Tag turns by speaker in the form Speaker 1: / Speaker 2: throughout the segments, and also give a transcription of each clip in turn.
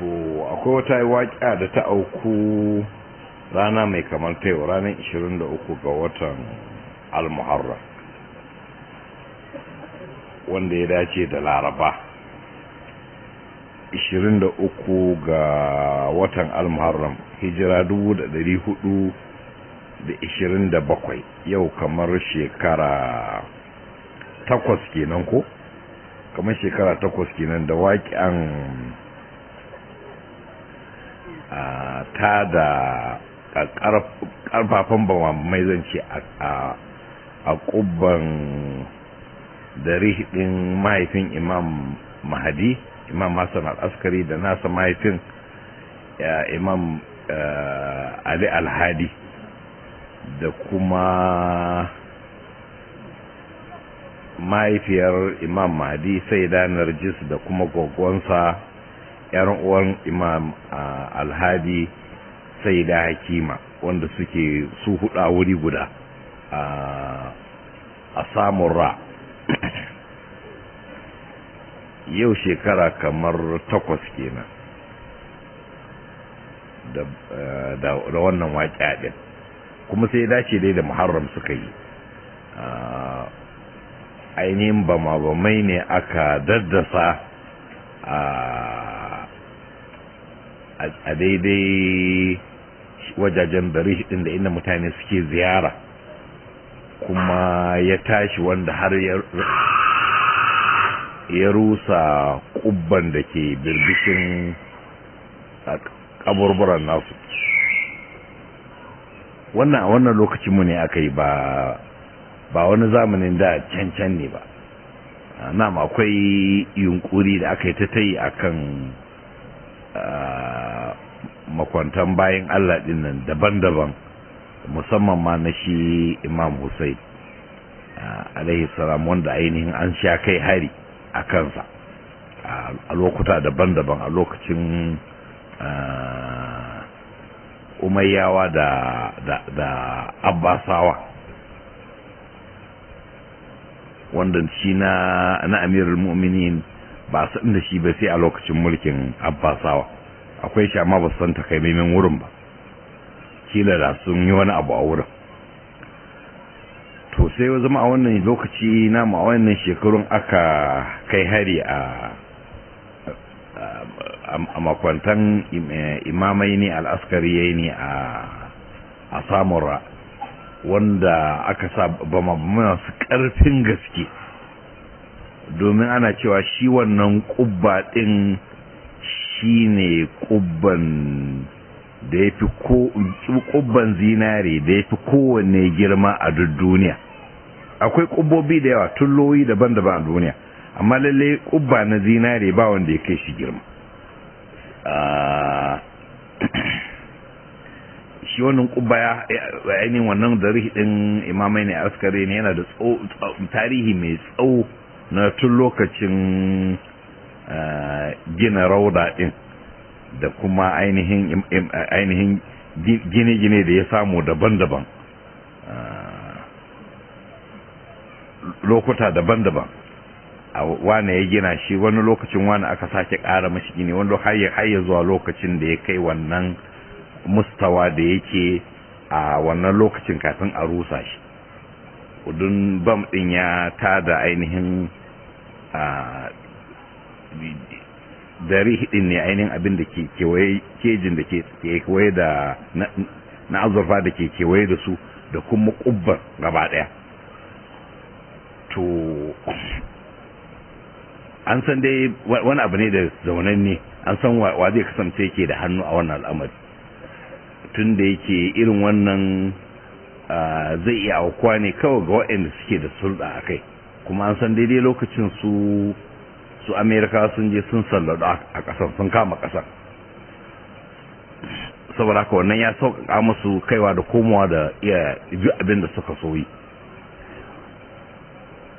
Speaker 1: to akwai wata waƙa da ta auku rana mai kamar ta yau ranar 23 ga watan al wanda ya dace da laraba 23 ga watan al-muharram hijira bakwai yau kamar shekara takwas kenan ko kamar shekara takwas kenan da an ta da karfafan ba mai zance a kubban da rihidin mahaifin imam mahadi imam masu al-askari da nasa mahaifin imam eh, ali alhadi da kuma mahaifiyar imam mahadi sai da da kuma gwagwansa yaran uwan imam alhaji sai da hakima wanda suke su huda wuri guda a samun ra yau shekara kamar takwas kenan da wannan waƙi ɗin kuma sai dace dai da muharram suka yi ainihin ba mai ne aka daddasa a a daidai wajajen bari din da inda mutane suke ziyara kuma ya tashi wanda har ya rusa kubban da ke birbishin kaburburan nasu wannan a wannan lokacin mu ne aka yi ba wani zamanin da cancan ne ba nam akwai yunkuri da aka yi ta tayi akan makwantan bayan Allah din nan daban-daban musamman ma na shi Imam Hussein alaihi salam wanda ainihin an sha kai hari a kansa a lokuta daban-daban a lokacin umayyawa da da abbasawa wanda shi na na amirul mu'minin ba su da shi ba sai a lokacin mulkin abbasawa akwai shi amma ba su san takaimimin wurin ba kila da sun yi wani abu a wurin to sai zama a wannan lokaci na ma wannan shekarun aka kai hari a a makwantan imamai ne al'askari ya ne a samura wanda aka sa bamabama su ƙarfin gaske domin ana cewa shi wannan ƙubba ɗin shine kubban da ya fi kubban zinare da ya fi kowanne girma a duk duniya akwai ƙubobi da yawa tulloyi daban-daban a duniya amma lalle kubba na zinare ba wanda ya kai shi girma ah, shi wannan kubba ya ainihin wannan zarihi din imamai ne askare ne yana da tarihi mai tsawo na tun lokacin gina rauda din da kuma ainihin ainihin gine-gine da ya samu daban-daban lokuta daban-daban a wane ya gina shi wani lokacin wane aka sake ƙara mashi gini wanda har ya zuwa lokacin da ya kai wannan mustawa da yake a wannan lokacin kafin a rusa shi kudin bam din ya tada ainihin dari hidin ne ainihin abin da ke kewaye kejin da ke kewaye da na azurfa da ke kewaye da su da kuma kubbar gaba daya to an san dai wani abu ne da ne an san wa zai kasance ke da hannu a wannan al'amari tun da yake irin wannan zai iya aukuwa ne kawai ga waɗanda suke da sulɗa a kai kuma an san daidai lokacin su su amerika sun je sun salladu a ƙasar sun kama ƙasar saboda haka wannan ya sauƙaƙa musu kaiwa da komowa da iya abin da suka soyi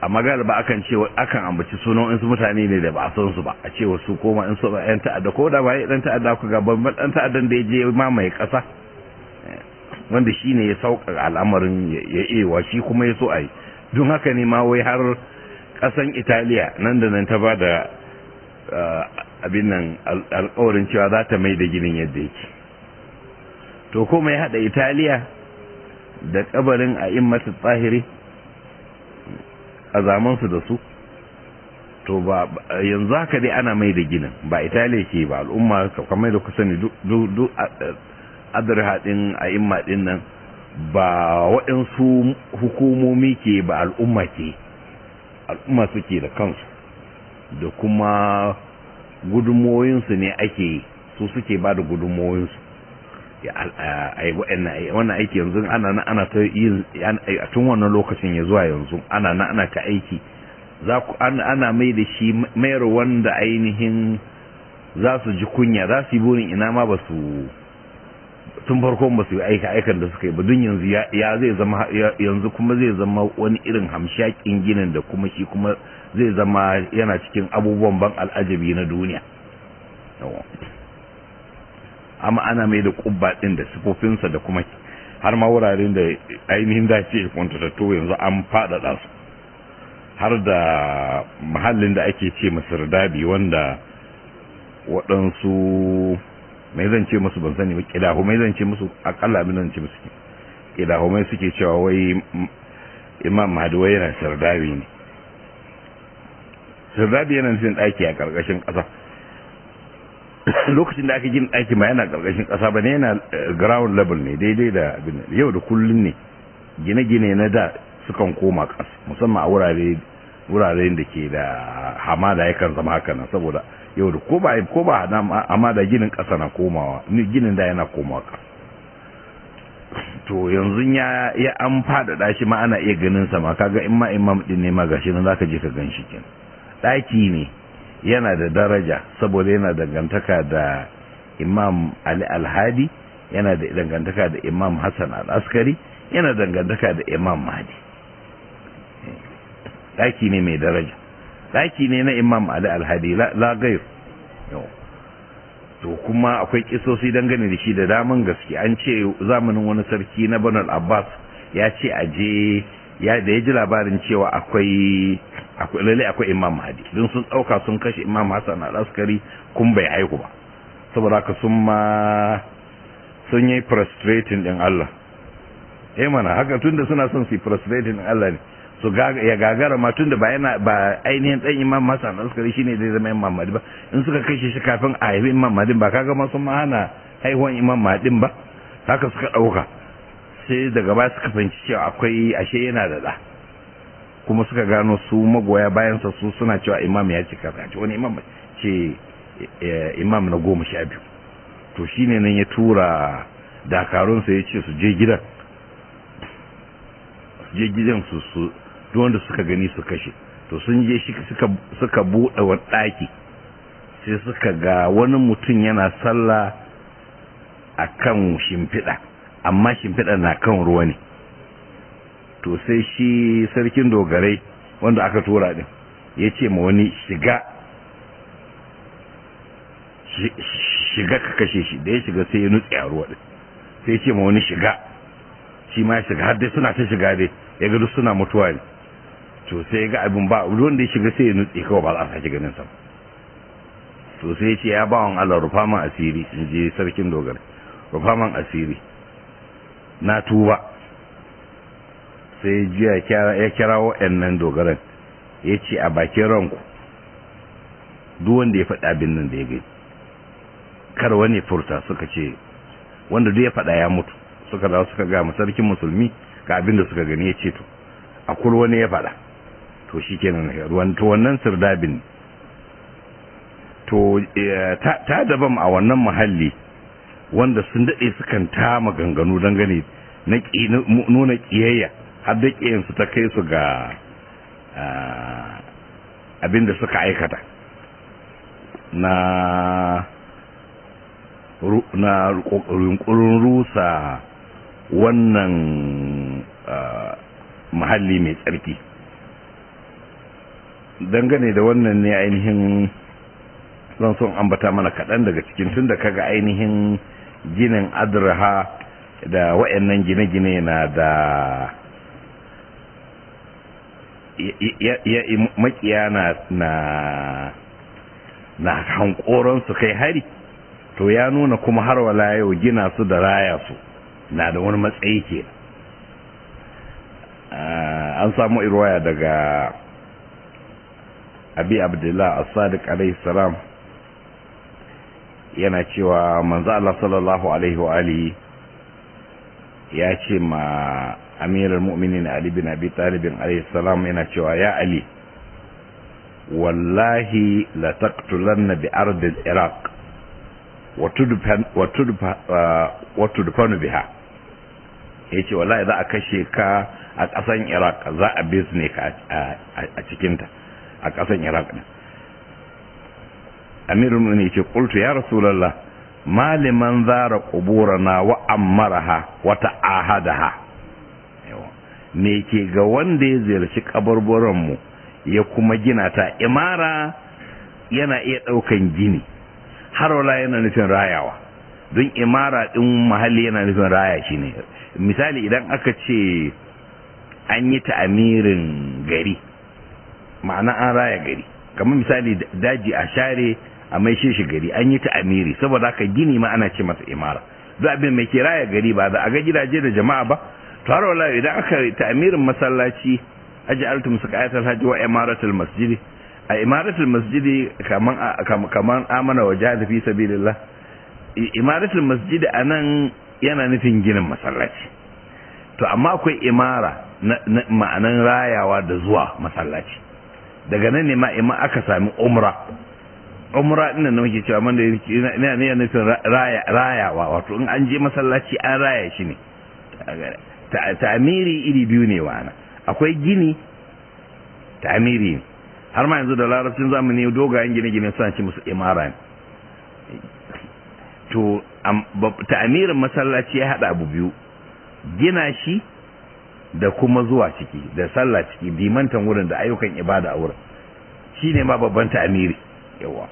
Speaker 1: amma galiba akan ce akan ambaci sunan su mutane ne da ba a san su ba a ce su koma in su ba yan ta'adda ko da ba ya dan ta'adda ku ga babban dan ta'adda da ya je mamaye kasa wanda shine ya sauƙaƙa al'amarin ya ewa shi kuma ya so a yi don haka ne ma wai har kasan italiya nan da nan ta ba da eh, abin nan alkawarin cewa za ta mai da ginin yadda yake to kuma ya haɗa italiya da kabarin a masu tsahiri a zamansu da su to ba yanzu haka dai ana mai da ginin ba italiya ke ba al'umma kamar da kusa ne duk haɗin a in maɗin nan ba waɗansu hukumomi ke ba al'umma ke al'umma suke da kansu da kuma gudunmoyinsu ne ake yi su suke ba da gudunmoyinsu wannan aiki yanzu ana na ana ta yin a tun wannan lokacin ya zuwa yanzu ana na ana ta aiki ana mai da shi mayar wanda ainihin za su ji kunya za su yi burin ina ma ba su tun farko ba yi aika aikan da suka yi ba dun yanzu ya zai zama yanzu kuma zai zama wani irin hamshakin ginin da kuma shi kuma zai zama yana cikin abubuwan ban al'ajabi na duniya amma ana mai da kubba din da sifofinsa da kuma har ma wuraren da ainihin da ce kwantatattu yanzu an faɗaɗa su har da mahallin da ake ce masar dabi wanda waɗansu mai zan ce musu ban sani ba kidahu mai zan ce musu akalla min zan ce musu kidahu mai suke cewa wai imam wai yana sardabi ne sardabi yana cin ɗaki a ƙarƙashin ƙasa lokacin da aka gina daki ma yana ƙarƙashin ƙasa ba ne yana eh, ground level ne daidai da abin yau da kullun ne gine-gine na da sukan koma ƙasa musamman a wurare wuraren da ke da hamada kan zama haka nan saboda yau da ko ba ko ba hamada ginin kasa na komawa ni ginin da yana komawa ka to yanzu ya ya an faɗaɗa shi ma ana iya ganin sa ma kaga in ma imam din ne ma gashi nan zaka je ka gan shi kin ɗaki ne yana da daraja saboda yana dangantaka da imam ali alhadi yana da dangantaka da imam hassan al-askari yana dangantaka da imam mahdi daki ne mai daraja daki ne na imam ali alhadi la to kuma akwai kisosi dangane da shi da daman gaske an ce zamanin wani sarki na banal abbas ya ce a ya da ya ji labarin cewa akwai akwai lalle akwai imam hadi don sun dauka sun kashe imam hasan al-askari kun bai haihu ba saboda ka sun ma sun yi frustrating din Allah eh mana haka tunda suna son su frustrating din Allah ne su ya gagara ma tun da ba yana ba ainihin dan imam masan alƙari askari shine zai zama imam Mahdi ba in suka kashe shi kafin a haifi imam Mahdi ba kaga ma sun ana haihuwan imam Mahdi ba haka suka ɗauka. sai daga baya suka fahimci cewa akwai ashe yana da da kuma suka gano su magoya bayan sa su suna cewa imam ya cika ci wani imam ce imam na goma sha biyu to shine nan ya tura dakarunsa ya ce su je gidan je gidan su su duk wanda suka gani su kashe to sun je shi suka suka buɗe wa ɗaki sai suka ga wani mutum yana sallah a kan shimfiɗa amma shimfiɗa na kan ruwa ne to sai shi sarkin dogarai wanda aka tura ɗin ya ce ma wani shiga shiga ka kashe shi da ya shiga sai ya nutse a ruwa ɗin sai ya ce ma wani shiga shi ma ya shiga har dai suna ta shiga dai ya ga duk suna mutuwa ne to sai ga abin ba ruwan da ya shiga sai ya nutse kawai ba za a sake ganin sa to sai ya ce ya wan Allah rufa asiri in je sarkin dogara rufa asiri na tuba sai jiya ya kira nan dogaran ya ce a bakin ranku duk wanda ya faɗa abin nan da ya gani kar wani furta suka ce wanda duk ya faɗa ya mutu suka dawo suka ga sarkin musulmi ga abin da suka gani ya ce to akwai wani ya faɗa to shi kenan ruwan wannan sirdabin to eh, ta dabam a wannan muhalli wanda sun daɗe sukan ta maganganu dangane na nuna ƙiyayya har da ƙiyansu ta kai su ga abin da suka aikata na na rusa wannan mahalli mai tsarki dangane da wannan ne ainihin zan son ambata mana kaɗan daga cikin tun da kaga ainihin ginin adraha da nan gine-gine na da makiya na na na kai hari to ya nuna kuma har wala yau gina su da raya su na da wani matsayi ke ah, an samu irwaya daga abi abdullah as-sadiq alayhi salam yana cewa manzo Allah sallallahu alaihi wa alihi ya ce ma amirul mu'minin ali bin abi talib alayhi salam yana cewa ya ali wallahi la taqtulanna bi ard al-iraq wa tudfan wa tudfa wa tudfanu biha yace wallahi za a kashe ka a ƙasan iraq za a bizne ka a cikinta a ƙasar iraq ne amirul ne ce qultu ya rasulullah maliman zara quburana wa ammaraha wa ahadaha me ke ga wanda ya ziyarci kabarburan mu ya kuma gina ta imara yana iya ɗaukan gini har wala yana nufin rayawa don imara ɗin mahalli yana nufin raya shi ne misali idan aka ce an yi ta amirin gari ma'ana an raya gari kamar misali daji a share a mai shi gari an yi ta amiri saboda haka gini ma ana ce masa imara za abin mai ke raya gari ba za a ga gidaje da jama'a ba to har wala idan aka ta amirin masallaci aji altu musaka ayatul haji wa imaratul masjidi a imaratul masjidi kaman kaman amana wa jihad fi sabilillah imaratul masjidi anan yana nufin ginin masallaci to amma akwai imara ma'anan rayawa da zuwa masallaci daga nan ne ma imma eh, aka sami umra umra ina na muke cewa man da ina nufin rayawa wato in an je masallaci an raya shi ne ta'amiri iri biyu ne wa akwai gini ta'amiri har ma yanzu da larabcin zamani dogayen gine-gine suna ci musu imara ne to ta'amirin masallaci ya haɗa abu biyu gina shi da kuma zuwa ciki da sallah ciki dimantan wurin da ayyukan ibada a wurin shi ne ma babban ta'amiri yawa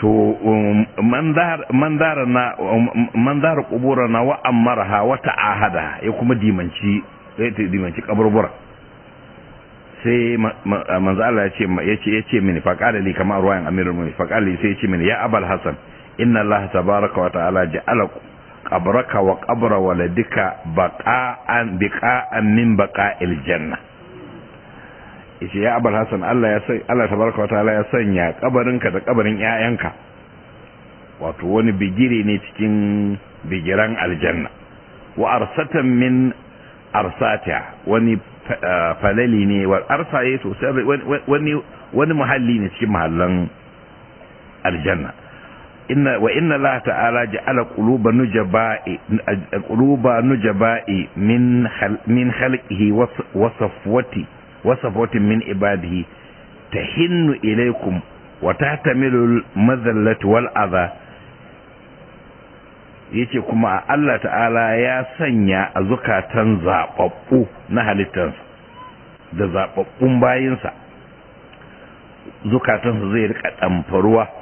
Speaker 1: to um, man zara um, kubura na wa ammaraha wata ahada ya kuma dimanci ya dimanci kaburbura sai manzala ya ce yace ce mini fa ne kamar ruwan amirin mai mu'minin sai ya ce mini ya abal hassan inna Allah tabaaraka wa ta'ala ja'ala qabraka wa qabra waladika baqa'an biqa'an min baqa'il janna yace ya abul hasan Allah ya sai Allah tabaraka wataala ya sanya kabarinka da kabarin ƴaƴanka wato wani bigire ne cikin bigiran aljanna wa arsatan min arsatiha wani eh, falali ne wa arsaye to wani wani muhalli ne cikin mahallan aljanna inna wa inna Allah ta'ala ja'ala quluba nujaba'i quluba nujaba'i min min khalqihi wa safwati wa safwati min ibadihi tahinnu ilaykum wa tahtamilu al-madhallati wal adha yace kuma Allah ta'ala ya sanya a zukatan zababbu na halittarsa da zababbun bayinsa su zai rika ɗamfaruwa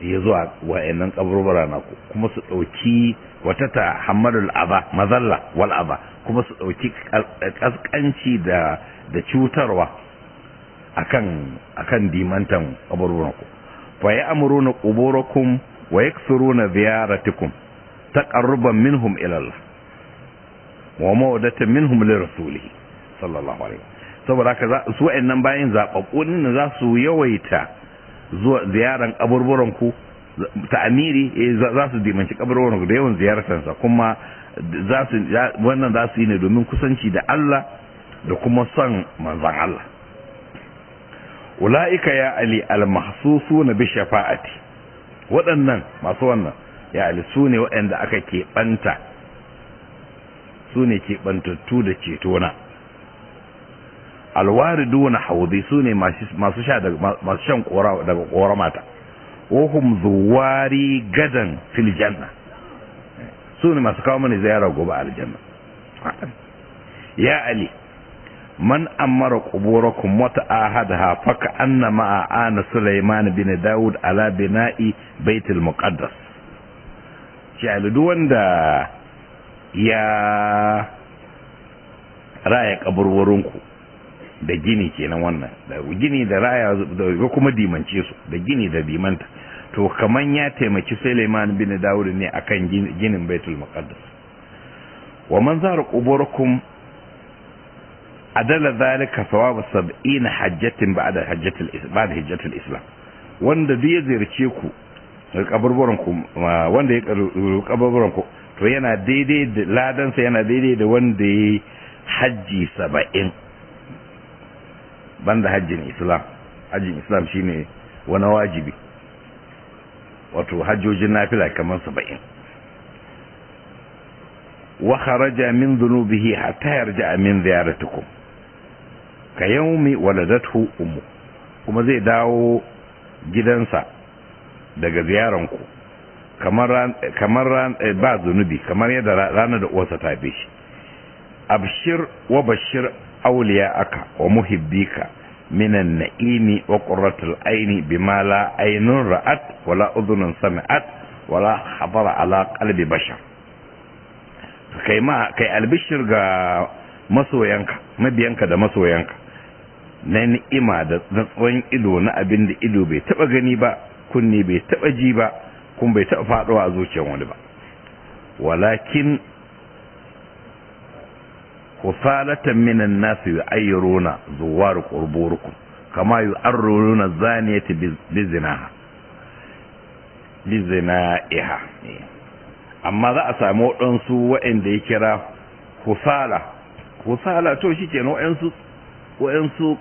Speaker 1: ya zuwa wa'annan kaburbura na kuma su ɗauki wata ta hamadul aba mazalla wal aba kuma su ɗauki kaskanci da da cutarwa akan akan dimantan kaburburan ku fa ya amuruna quburakum wa yaksuruna ziyaratikum taqarruban minhum ila Allah wa mawadatan minhum li rasulih sallallahu alaihi saboda haka su wa'annan bayin zababbun za su yawaita zuwa ziyaran kaburburan ku amiri eh, za su dimanci kaburburan ku da yawan ziyartarsa kuma za su wannan za su yi ne domin kusanci da Allah da kuma son manzon Allah ula'ika ya ali almahsusu na bi shafa'ati waɗannan masu wannan ya ali su ne waɗanda aka keɓanta su ne keɓantattu da cetona alwaridu na haudi su ne masu shan daga ƙoramata wahum zuwari gadan fil su ne masu kawo mani ziyara gobe aljanna ya ali man amara quburakum wa hafa ka anna ma'a ana sulaiman bin daud ala bina'i baitul muqaddas shi wanda ya raya kaburwarinku da gini kenan wannan da gini da raya da kuma dimance su da gini da dimanta to kaman ya taimaki Suleiman bin Dawud ne akan ginin Baitul Maqdis wa man zara quburakum adala zalika thawabu 70 hajjatin ba'da hajjatil ba'da hajjatil Islam wanda duk ya ziyarce ku kaburburan ku wanda ya kaburburan ku to yana daidai da ladan sa yana daidai da wanda ya hajji 70 banda hajjin islam hajjin islam shine wani wajibi wato hajjojin nafila kamar saba'in wa kharaja min dhunubihi hatta yarja min ziyaratikum ka yawmi waladathu ummu kuma zai dawo gidansa daga ziyaranku kamar kamar eh, ba zunubi kamar yadda ranar da uwarsa ta bi shi abshir wa bashir awliya aka wa muhibbika minan na'imi wa qurratul aini bima la aynun ra'at wala udhunun sami'at wala khabara ala qalbi bashar kai ma kai albishir ga masoyanka mabiyanka da masoyanka na ni'ima da tsawon ido na abin da ido bai taba gani ba kunne bai taba ji ba kun bai taba faduwa a zuciyar wani ba walakin wasalatan minan nasu zuwa zuwar qurburukum kama yi yu'arruna zaniyati bizina iha amma za a sami waɗansu waɗanda ya kira husala husala to shi ke waɗansu waɗansu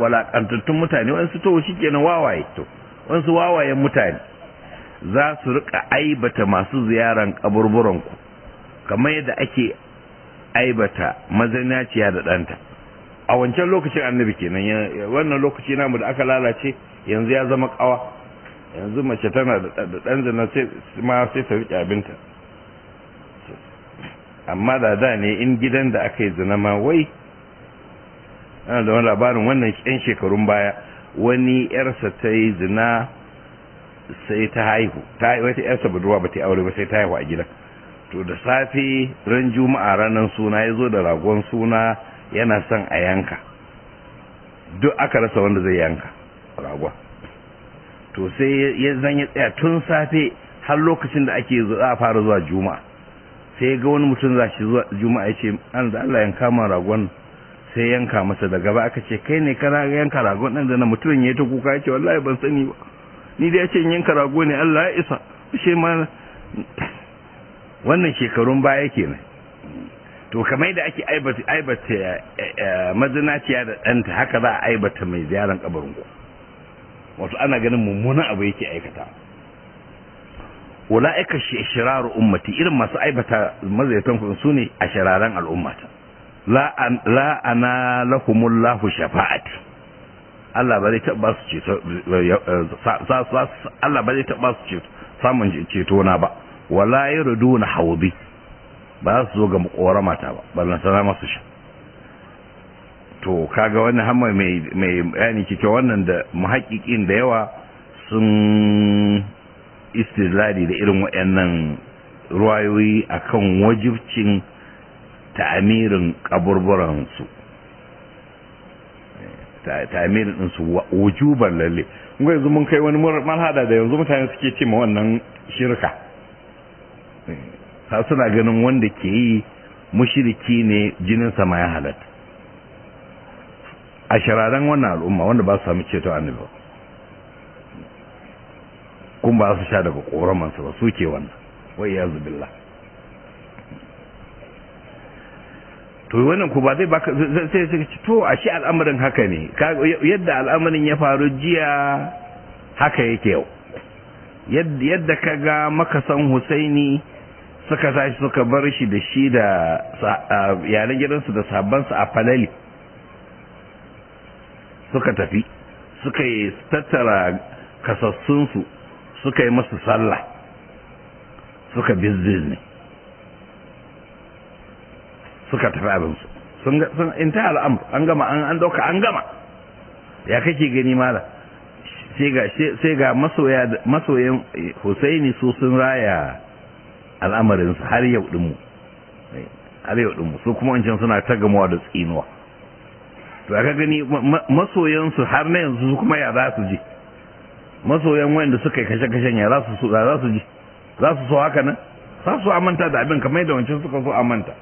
Speaker 1: walaƙantattun mutane waɗansu to shi na wawaye to waɗansu wawayen mutane za su riƙa aibata masu ziyaran kaburburanku kamar yadda ake aibata mazinaciya da ɗanta a wancan lokacin annabi kenan wannan lokaci namu da aka lalace yanzu ya zama kawa yanzu mace tana da ɗan zina ma sai ta riƙe abinta amma da da ne in gidan da aka yi zina ma wai ana da wani labarin wannan yan shekarun baya wani yarsa ta yi zina sai ta haihu ta wata yarsa budurwa ba ta yi aure ba sai ta haihu a gidan to da safe ran juma'a ranar suna ya zo da ragon suna yana son a yanka duk aka rasa wanda zai yanka ragon to sai ya zan ya tsaya tun safe har lokacin da ake za a fara zuwa juma'a sai ga wani mutum za shi zuwa juma'a ya ce an da Allah yanka ma ragon sai yanka masa da gaba aka ce kai ne kana yanka ragon ɗan da mutum mutumin ya ta kuka ya ce wallahi ban sani ba ni da ya ce yanka rago ne Allah ya isa shi ma wannan shekarun baya kenan to kamar da ake aibata eh, eh, mazinaciya da ɗanta haka za a aibata mai ziyaran kabarin ku wato ana ganin mummunan abu yake aikata ula'ika shiraru ummati irin masu aibata mazaitan ku su ne a shiraran al'ummata la'ana lahu shafa'ati Allah ba zai su ceto Allah ba zai taɓa su ceto samun ceto na ba wala na haubi ba su zo ga makora mata ba ballan sana masu sha to kaga wannan hamma mai mai yani kike wannan da mahaƙiƙin da yawa sun istizlali da irin waɗannan ruwayoyi akan wajibcin ta'amirin kaburburan su ta'amirin din su lalle mun yanzu mun kai wani marhada da yanzu mutane suke ce wannan shirka har suna ganin wanda ke yi mushiriki ne jininsa ma ya halatta a shararen wannan al'umma wanda ba su sami ceto annabi kun ba su sha daga koramansa ba su ke wannan wai ya zubilla to wannan ku ba zai baka sai sai to shi al'amarin haka ne yadda al'amarin ya faru jiya haka yake yau yadda ka ga makasan husaini suka tashi suka bar shi da shi da yaran gidansu da sabansu a falali suka tafi suka yi tattara kasassunsu suka yi masu sallah suka bizne suka tafi abinsu sun inta al'amur an gama an dauka an gama ya kake gani mala sai ga masoyan husaini su sun raya al'amarin su har yau din mu har yau din mu su kuma wancan suna ta gamuwa da tsinuwa to aka gani masoyan su har na yanzu su kuma ya za su ji masoyan wanda suka yi kashe kashen ya za su za su ji za su so haka nan za su amanta da abin kamar da wancan suka so amanta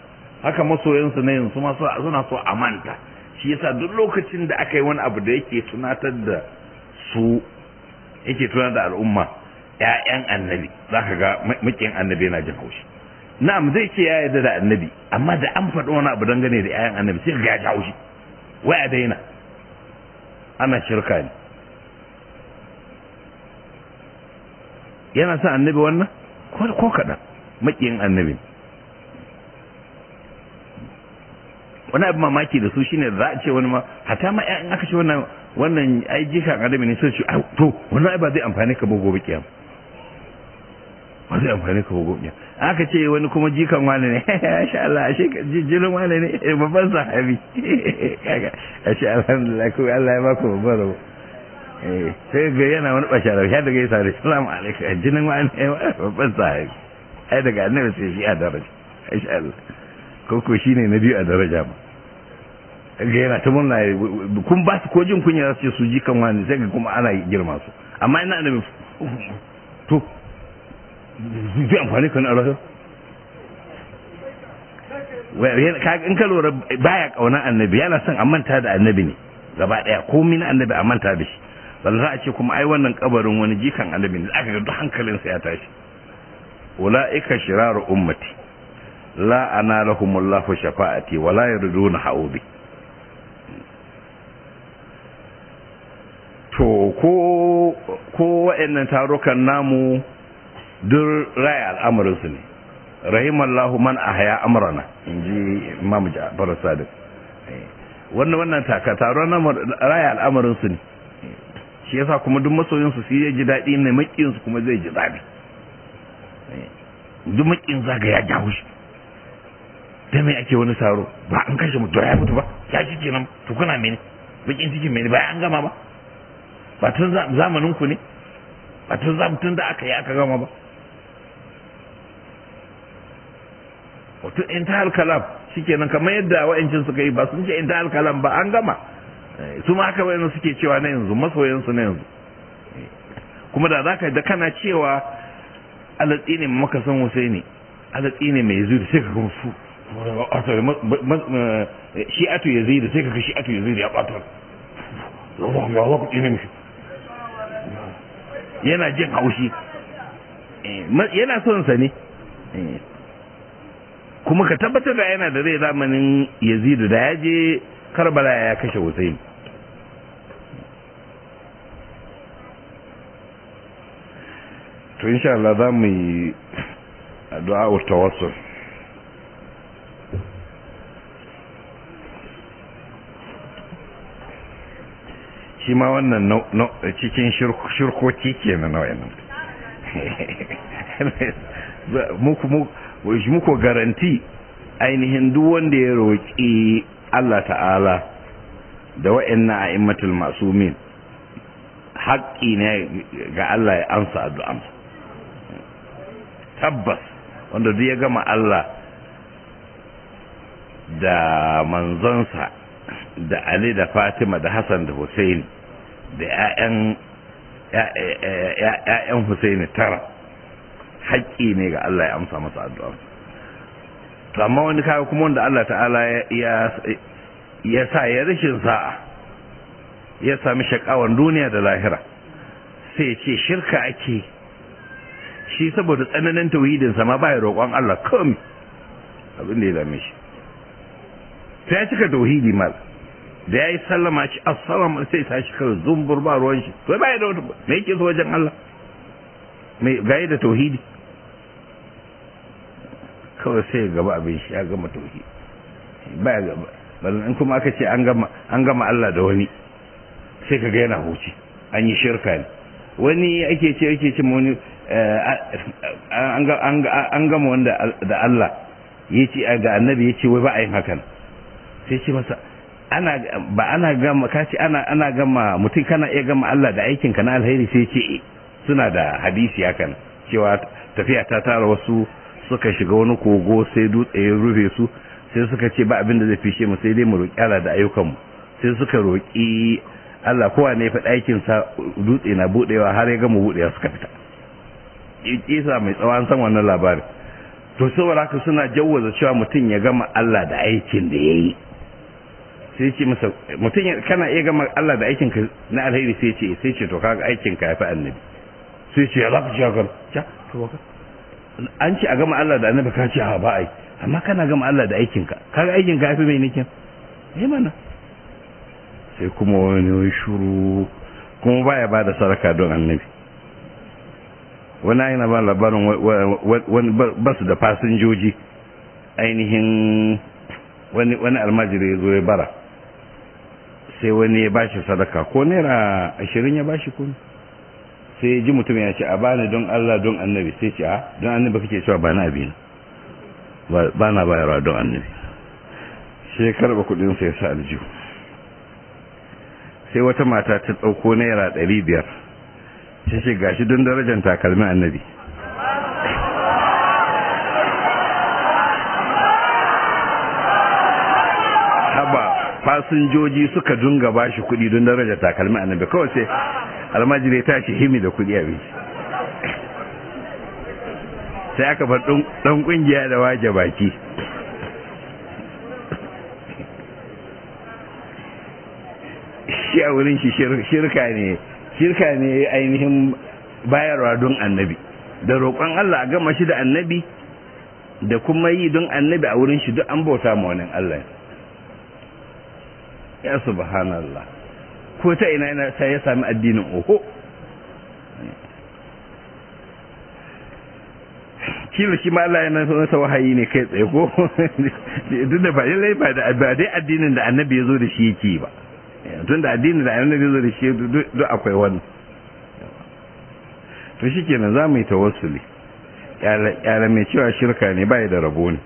Speaker 1: haka masoyan su na yanzu ma suna so amanta shi yasa duk lokacin da aka yi wani abu da yake tunatar da su yake tunatar da al'umma 'ya'yan annabi za ka ga mukin annabi na jin haushi na'am zai ce ya yarda da annabi amma da an faɗi wani abu dangane da 'ya'yan annabi sai ga ya ji haushi wai a daina ana shirka ne yana sa annabi wannan ko kaɗan mukin annabi wani abu mamaki da su shine za a ce wani ma hata ma ya'yan aka ce wannan wannan ai jikan annabi ne sai ce to wannan ai ba zai amfane ka ba gobe kiyama ba zai amfani ka gobe aka ce wani kuma jikan wani ne sha Allah shekar jinin wani ne eh, babban sahabi ashe alhamdulillah ko Allah ya maka babban rabu eh, sai ga yana wani bashara ya daga yi sare salamu alaikum eh, jinin wani ne babban sahabi ai daga annabi sai shi a daraja insha Allah ko shi ne na biyu a daraja ma ga yana ta murna kun ba su ko jin kunya za su ce su jikan wani sai ga kuma ana girma su amma ina annabi to zai amfani kan alaƙa in ka lura baya kauna annabi yana son a manta da annabi ne gaba daya komi na annabi a manta da shi za a ce kuma ai wannan kabarin wani jikan annabi ne aka ga duk hankalinsa ya tashi ika shirarar ummati la ana lahumullahu shafa'ati wa rudu na haubi to ko ko waɗannan tarukan namu dun raya al'amuransu ne rahimallahu man amurana in inji imam Ja'far Sadiq eh, wannan wannan taka taron raya al'amuransu ne eh, shi yasa kuma duk masoyinsu su yi ji daɗi ne makinsu kuma zai ji daɗi. Eh, duk makin zaga ya jawo shi da mai ake wani saro ba an kashe mutu ya mutu ba ya shi kenan tukuna mene bakin cikin mene bayan an gama ba ba tun zamanin ku ne ba tun zamanin da aka yi aka gama ba wato intihal kalam shikenan kamar yadda wa'ancin suka yi ba sun ce intihal kalam ba an gama eh, su ma haka wayannan suke cewa na yanzu masoyansu na yanzu eh, kuma da zaka da kana cewa alatsi ne maka san Husaini alatsi ne mai zuri sai ka kuma su shi atu da sai ka shi atu da ya bata yana jin haushi eh, yana son sa ne kuma ka tabbatar da yana da zai zamanin yazidu da ya je karbala ya kashe hussein to insha Allah za mu yi addu'a tawassul shi ma wannan cikin shirkoki ke na nau'in mu wai shi muku garanti ainihin duk wanda ya roƙi Allah ta'ala da wa'annan a'immatul masumin haƙƙi ne ga Allah ya amsa addu'ansa tabbas wanda zai ya gama Allah da manzonsa da Ali da Fatima da Hassan da Hussein da 'ya'yan Hussein tara haƙƙi ne ga Allah ya amsa masa addu'a amma wani kaga kuma wanda Allah ta'ala ya ya sa ya rashin sa'a ya sami shakawan duniya da lahira sai ce shirka ake shi saboda tsananin tauhidin sa ma baya roƙon Allah kome abin da ya dame shi sai ya cika tauhidi mal da ya yi sallama shi assalamu sai ta shi kawai zumbur ba ruwan shi sai bai da wata me ke so wajen Allah mai gaida da tauhidi kawai sai gaba abin shi ya gama tauhi ba ya gaba balin in kuma aka ce an gama Allah da wani sai ka ga yana huci an yi shirka ne wani ake ce ake ce wani eh, an gama wanda da Allah ya ce ga annabi ya ce wai ba a yin hakan sai ce masa ana ba ana gama kace ana ana gama mutum kana iya gama Allah da aikin ka na alheri sai ce eh, suna da hadisi hakan cewa tafiya ta tara wasu suka shiga wani kogo sai dutse ya rufe su sai suka ce ba abin da zai fishe mu sai dai mu roƙi Allah da ayyukanmu sai suka roƙi Allah kowa ne ya faɗa aikin sa dutse na budewa har ya gama budewa suka fita isa mai tsawon san wannan labarin to saboda haka suna jawwaza cewa mutum ya gama Allah da aikin da yayi sai ce masa mutum kana iya gama Allah da aikin ka na alheri sai ce sai ce to kaga aikin ka yafi annabi sai ce ya zaka ci ka to an ce a gama Allah da annabi ka ce a ba ai amma kana gama Allah da aikinka kaga aikinka ka yafi mai nikin eh mana sai kuma wani shuru kuma baya ba da saraka don annabi wani yana ba labarin wani bas da fasinjoji ainihin wani wani almajiri ya zo ya bara sai wani ya bashi sadaka ko naira ashirin ya bashi kuma sai ji mutum ya ce a bani don Allah don annabi sai ce a don annabi kake cewa ba na abin ba na bayarwa don annabi sai ya karba kudin sai sa aljihu sai wata mata ta dauko naira 500 sai ce gashi don darajar takalmin annabi haba fasinjoji suka dunga bashi kudi don darajar takalmin annabi kawai sai almajiri ta shi himi da kudi a biki sai aka bar ɗan ƙungiya da waje baki shi a wurin shi shirka ne shirka ne ainihin bayarwa don annabi da roƙon Allah a gama shi da annabi da kuma yi don annabi a wurin shi duk an bauta ma wani Allah ya subhanallah ko ta ina ina sai ya sami addinin oho kila shi ma Allah yana masa wahayi ne kai tsaye ko duk da ba dai ba da ba dai addinin da annabi ya zo da shi yake ba tun da addinin da annabi ya zo da shi duk akwai wani to shikenan za mu yi tawassuli kyala mai cewa shirka ne bai da rabo ne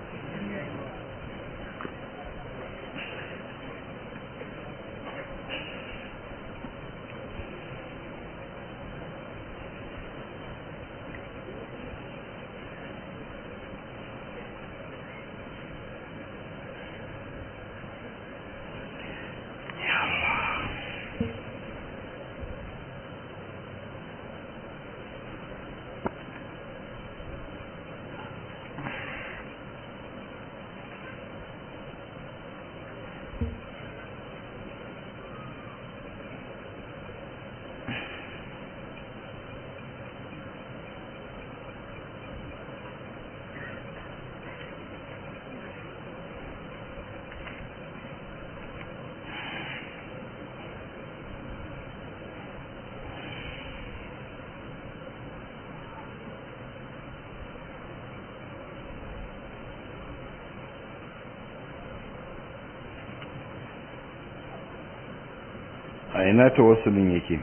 Speaker 1: a ina tawassulin yake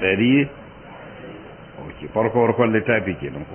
Speaker 1: ɗari ok farko farkon littafi nan ku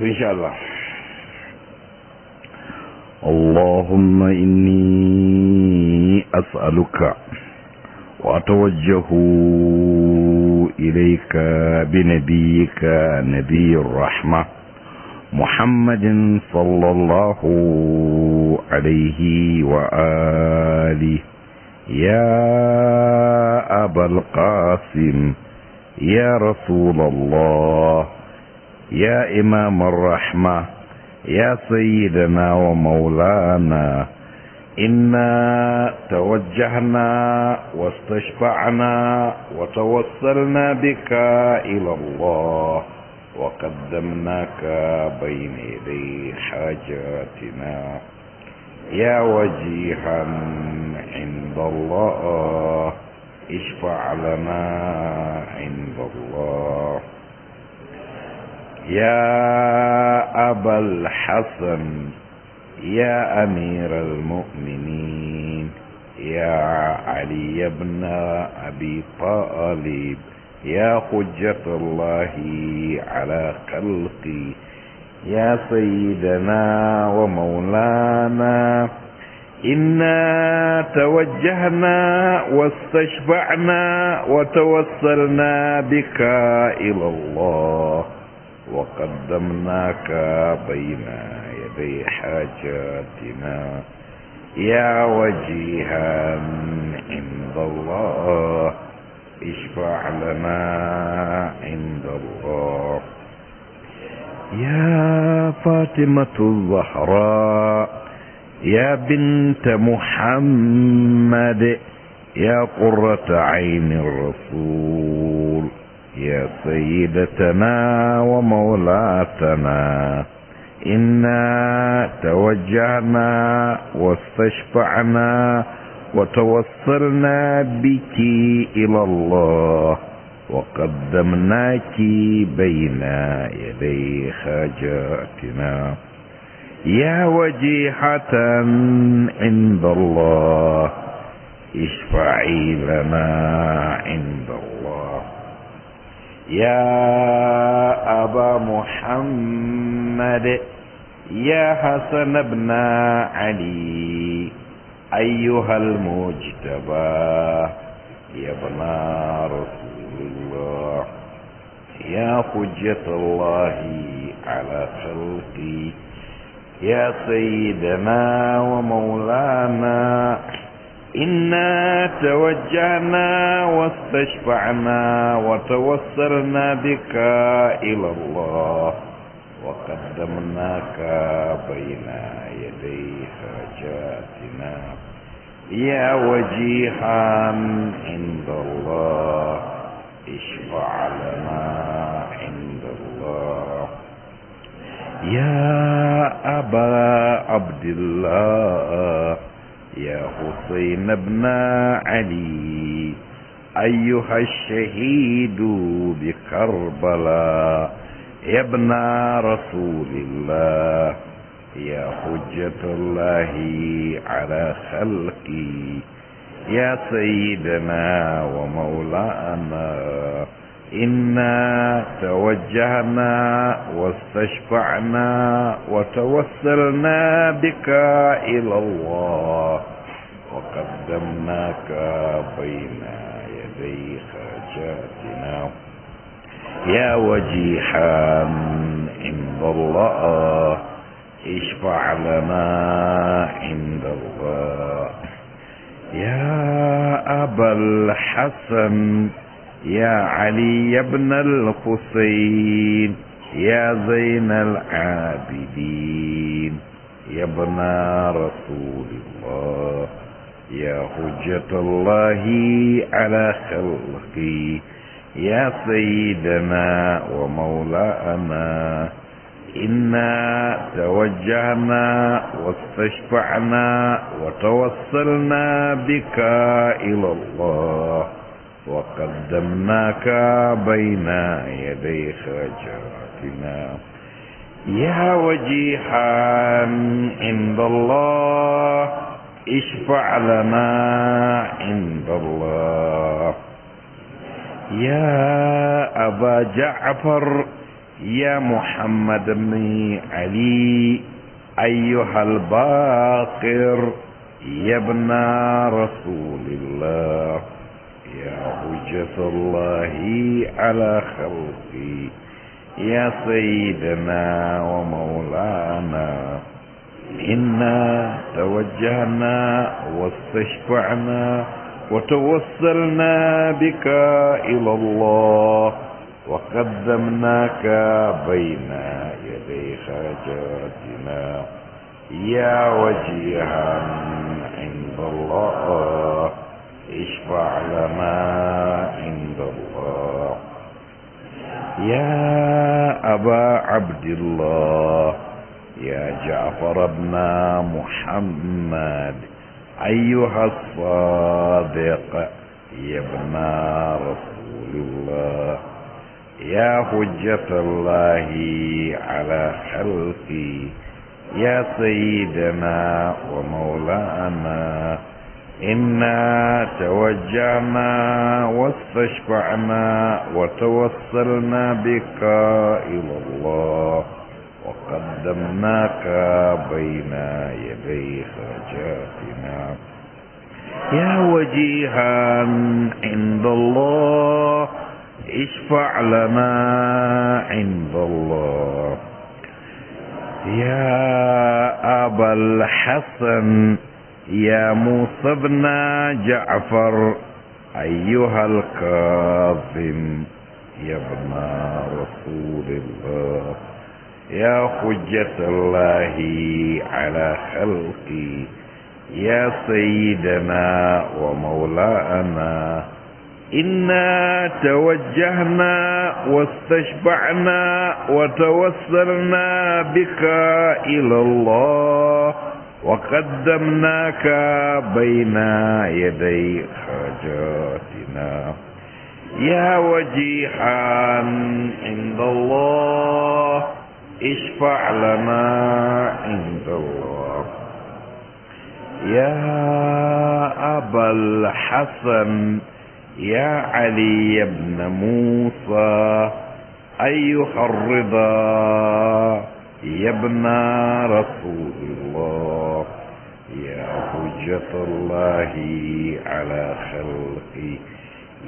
Speaker 1: إن شاء الله اللهم إني أسألك وأتوجه إليك بنبيك نبي الرحمة محمد صلى الله عليه وآله يا أبا القاسم يا رسول الله يا إمام الرحمة يا سيدنا ومولانا إنا توجهنا واستشفعنا وتوصلنا بك إلى الله وقدمناك بين يدي حاجاتنا يا وجيها عند الله اشفع لنا عند الله يا أبا الحسن يا أمير المؤمنين يا علي بن أبي طالب يا حجة الله على خلقي يا سيدنا ومولانا إنا توجهنا واستشفعنا وتوسلنا بك إلى الله وقدمناك بين يدي حاجاتنا يا وجيها عند الله اشفع لنا عند الله يا فاطمة الزهراء يا بنت محمد يا قرة عين الرسول يا سيدتنا ومولاتنا إنا توجهنا واستشفعنا وتوصلنا بك إلى الله وقدمناك بين يدي حاجاتنا يا وجيحة عند الله اشفعي لنا عند الله يا أبا محمد يا حسن بن علي أيها المجتبى يا ابن رسول الله يا حجة الله على خلقي يا سيدنا ومولانا إنا توجهنا واستشفعنا وتوسلنا بك إلى الله وقدمناك بين يدي حاجاتنا يا وجيها عند الله اشفع لنا عند الله يا أبا عبد الله يا حسين ابن علي أيها الشهيد بكربلاء يا ابن رسول الله يا حجة الله على خلقي يا سيدنا ومولانا إنا توجهنا واستشفعنا وتوسلنا بك إلى الله وقدمناك بين يدي خرجاتنا يا وجيحا عند الله اشفع لنا عند الله يا أبا الحسن يا علي بن الحسين يا زين العابدين يا ابن رسول الله يا حجة الله على خلقه يا سيدنا ومولانا إنا توجهنا واستشفعنا وتوصلنا بك إلى الله وقدمناك بين يدي خجراتنا يا وجيحا عند الله اشفع لنا عند الله يا أبا جعفر يا محمد بن علي أيها الباقر يا ابن رسول الله يا حجة الله على خلقي يا سيدنا ومولانا إنا توجهنا واستشفعنا وتوسلنا بك إلى الله وقدمناك بين يدي حاجاتنا يا وجيها عند الله اشفع لنا عند الله يا أبا عبد الله يا جعفر بن محمد أيها الصادق يا ابن رسول الله يا حجة الله على خلقي يا سيدنا ومولانا إنا توجعنا واستشفعنا وتوصلنا بك إلى الله وقدمناك بين يدي حاجاتنا يا وجيها عند الله اشفع لنا عند الله يا أبا الحسن يا موسى بن جعفر أيها الكاظم يا ابن رسول الله يا حجة الله على خلقي يا سيدنا ومولانا إنا توجهنا واستشبعنا وتوسلنا بك إلى الله وقدمناك بين يدي حاجاتنا يا وجيحا عند الله اشفع لنا عند الله يا أبا الحسن يا علي بن موسى أيها الرضا يا ابن رسول الله يا حجة الله على خلقه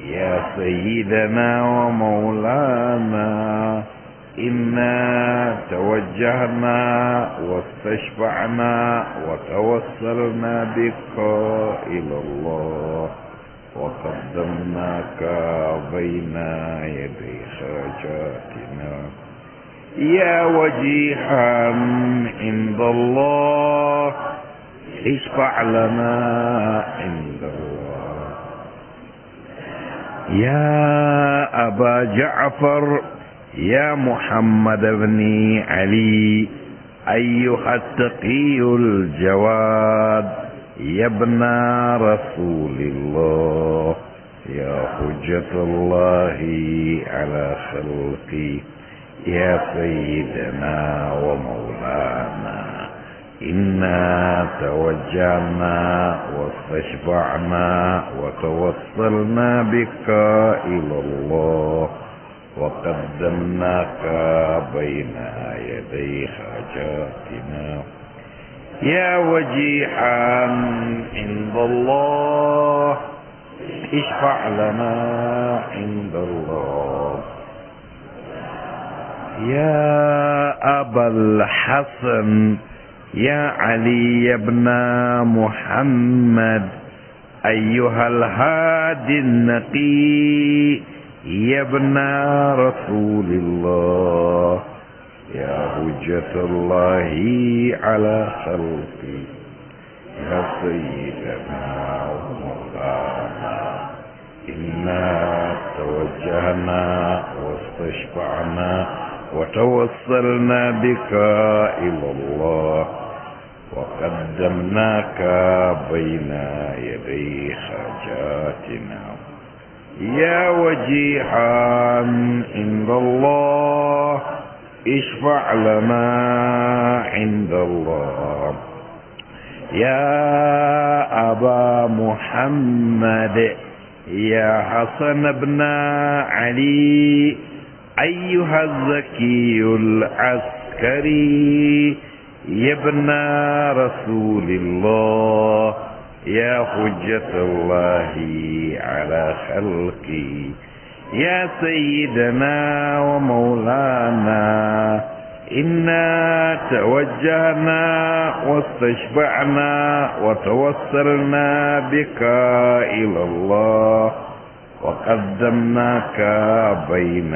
Speaker 1: يا سيدنا ومولانا إنا توجهنا واستشفعنا وتوسلنا بك إلى الله وقدمناك بين يدي حاجاتنا يا وجيها عند الله اشفع لنا عند الله يا أبا جعفر يا محمد بن علي أيها التقي الجواد يا ابن رسول الله يا حجة الله على خلقي يا سيدنا ومولانا إنا توجعنا واستشبعنا وتوصلنا بك إلى الله وقدمناك بين يدي حاجاتنا يا وجيحا عند الله اشفع لنا عند الله يا أبا الحسن يا علي بن محمد أيها الهادي النقي يا ابن رسول الله يا حجة الله على خلقي يا سيدنا ومولانا إنا توجهنا واستشفعنا وتوصلنا بك إلى الله وقدمناك بين يدي حاجاتنا يا وجيحا عند الله اشفع لنا عند الله يا أبا محمد يا حسن بن علي أيها الزكي العسكري يا ابن رسول الله يا حجة الله على خلقي يا سيدنا ومولانا إنا توجهنا واستشفعنا وتوسلنا بك إلى الله وقدمناك بين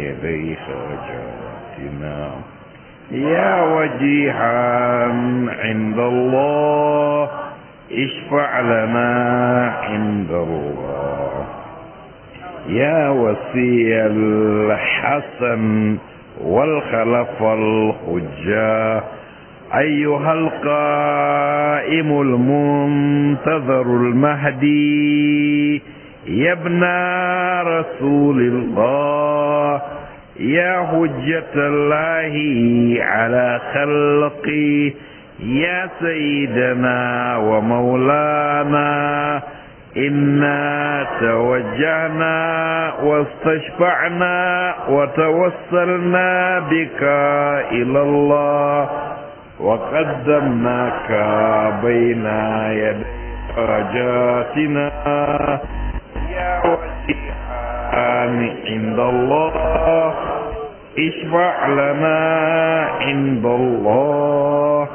Speaker 1: يدي حاجاتنا يا وجيها عند الله اشفع لنا عند الله يا وصي الحسن والخلف الحجة أيها القائم المنتظر المهدي يا ابن رسول الله يا حجة الله على خلقي يا سيدنا ومولانا إنا توجهنا واستشفعنا وتوسلنا بك إلى الله وقدمناك بين يدي درجاتنا يا وجيه عام عند الله اشفع لنا عند الله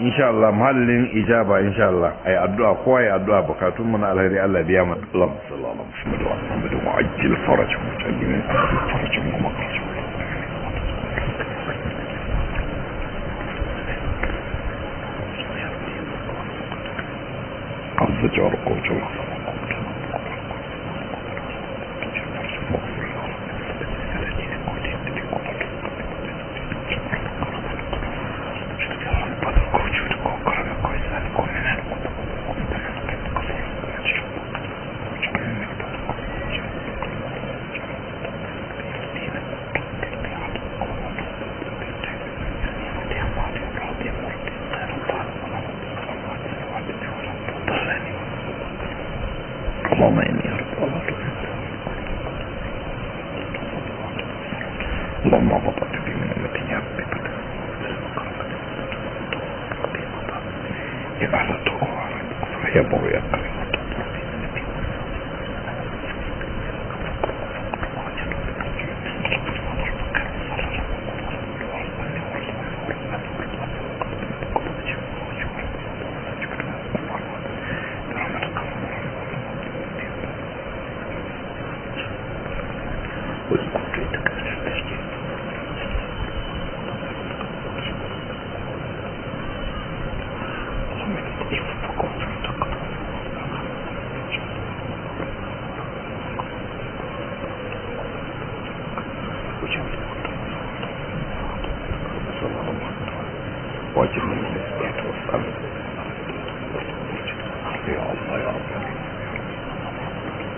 Speaker 1: ان شاء الله معلم اجابه ان شاء الله اي ادعاء كواي ادعاء بكاتون من على هري الله بيام اللهم صل على محمد وعلى محمد وعجل فرج مجلين فرج مقرج قصد جاركو جمع صلى الله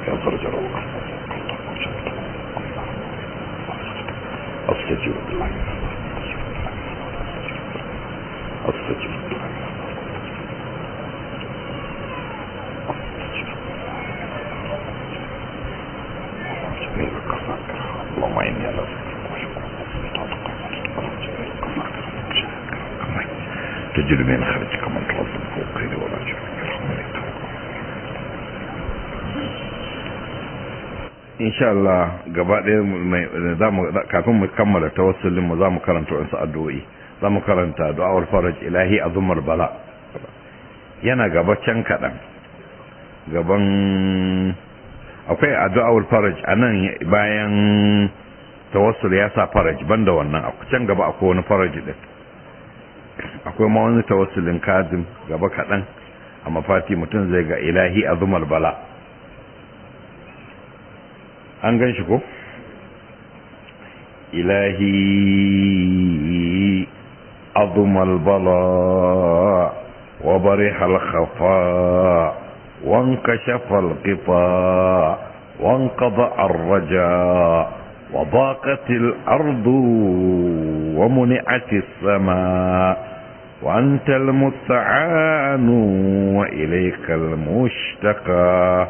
Speaker 1: يخرج روحه استجيب استجيب اللهم اني على insha Allah gaba ɗaya kafin mu kammala tawassulin mu za mu karanta wasu addu'o'i za mu karanta du'awar faraj ilahi azumar bala yana gaba can kaɗan gaban akwai a du'awar faraj a nan bayan tawassul ya sa faraj banda wannan can gaba akwai wani faraj ɗin akwai ma wani tawassulin kadin gaba kaɗan a mafati mutum zai ga ilahi azumar bala an gan shi ko ilahi عظم البلاء وبرح الخفاء وانكشف القطاع وانقضى الرجاء وضاقت الأرض ومنعت السماء وأنت المستعان وإليك المشتقى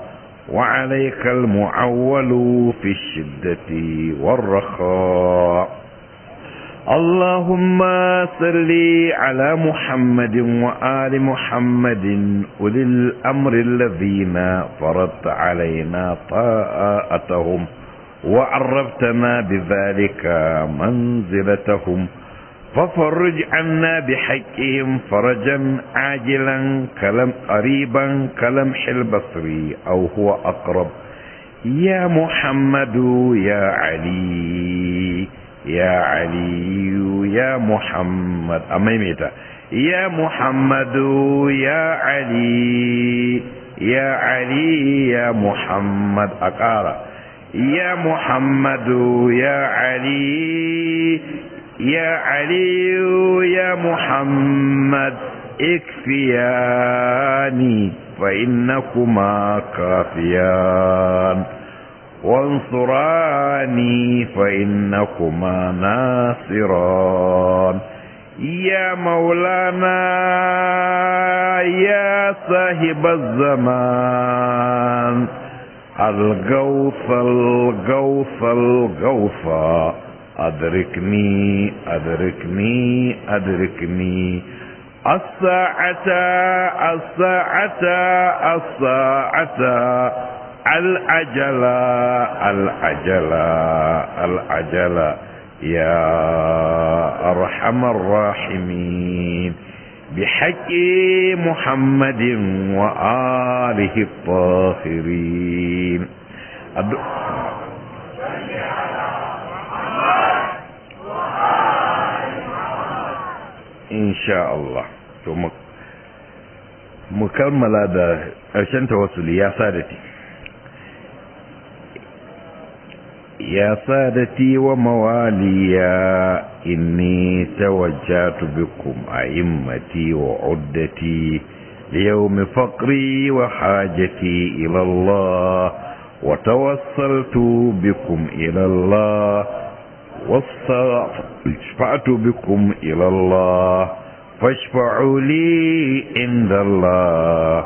Speaker 1: وعليك المعول في الشدة والرخاء اللهم صل على محمد وآل محمد أولي الأمر الذين فرضت علينا طاءتهم وعرفتنا بذلك منزلتهم ففرج عنا بحقهم فرجا عاجلا كلم قريبا كلمح البصري أو هو أقرب يا محمد يا علي يا علي يا محمد أميمتا يا محمد يا علي يا علي يا محمد أقارأ يا محمد يا علي يا علي يا محمد اكفياني فإنكما كافيان وانصراني فإنكما ناصران يا مولانا يا صاحب الزمان الغوث الغوث الغوث أدركني أدركني أدركني الساعة الساعة الساعة العجلة العجلة العجلة يا أرحم الراحمين بحق محمد وآله الطاهرين insha Allah to mu kammala da ƙarshen tawassuli ya sadati ya sadati wa mawaliya inni tawajjatu bikum a'immati wa uddati ليوم فقري وحاجتي إلى الله وتوسلت بكم إلى الله واشفعت بكم إلى الله فاشفعوا لي عند الله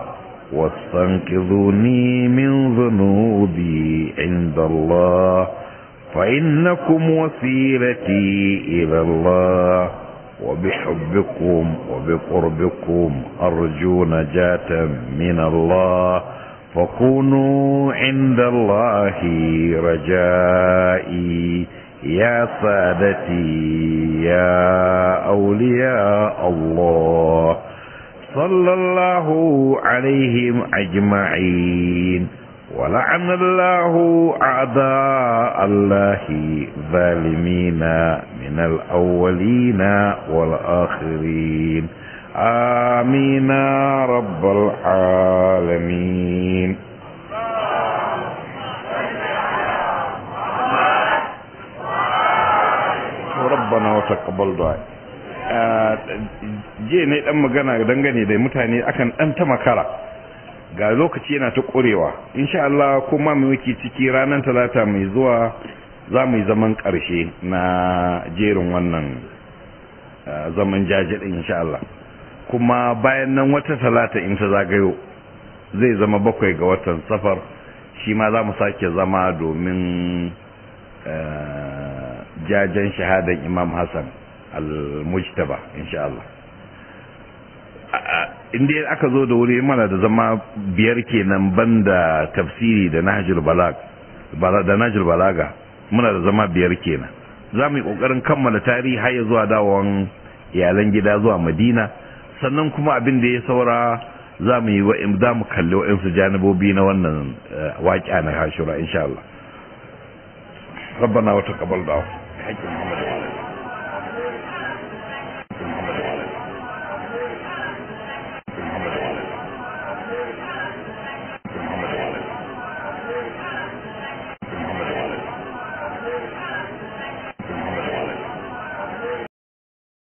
Speaker 1: واستنقذوني من ذنوبي عند الله فإنكم وسيلتي إلى الله وبحبكم وبقربكم أرجو نجاة من الله فكونوا عند الله رجائي يا سادتي يا أولياء الله صلى الله عليهم أجمعين ولعن الله أعداء الله ظالمين من الأولين والآخرين آمين رب العالمين rabbana wa taqabbal du'a je ne dan magana dangane da mutane akan dan ta makara ga lokaci yana ta korewa insha Allah kuma mu yake ciki ranar talata mai zuwa za mu yi zaman karshe na jerin wannan zaman jajidin insha Allah kuma bayan nan wata talata in ta zagayo zai zama bakwai ga watan safar shi ma za mu sake zama domin jajen shahadan imam hassan al-mujtaba insha Allah inda aka zo da wuri mana da zama biyar kenan banda tafsiri da tafsiri da balaga muna da zama biyar kenan za mu yi kokarin kammala tarihi har zuwa dawon iyalan gida zuwa madina sannan kuma abin da ya saura za mu yi wa'in za mu kalli wa'insu janibobi na wannan eh, waƙi na hashura insha Allah ربنا وتقبل دعوه think we know a lot of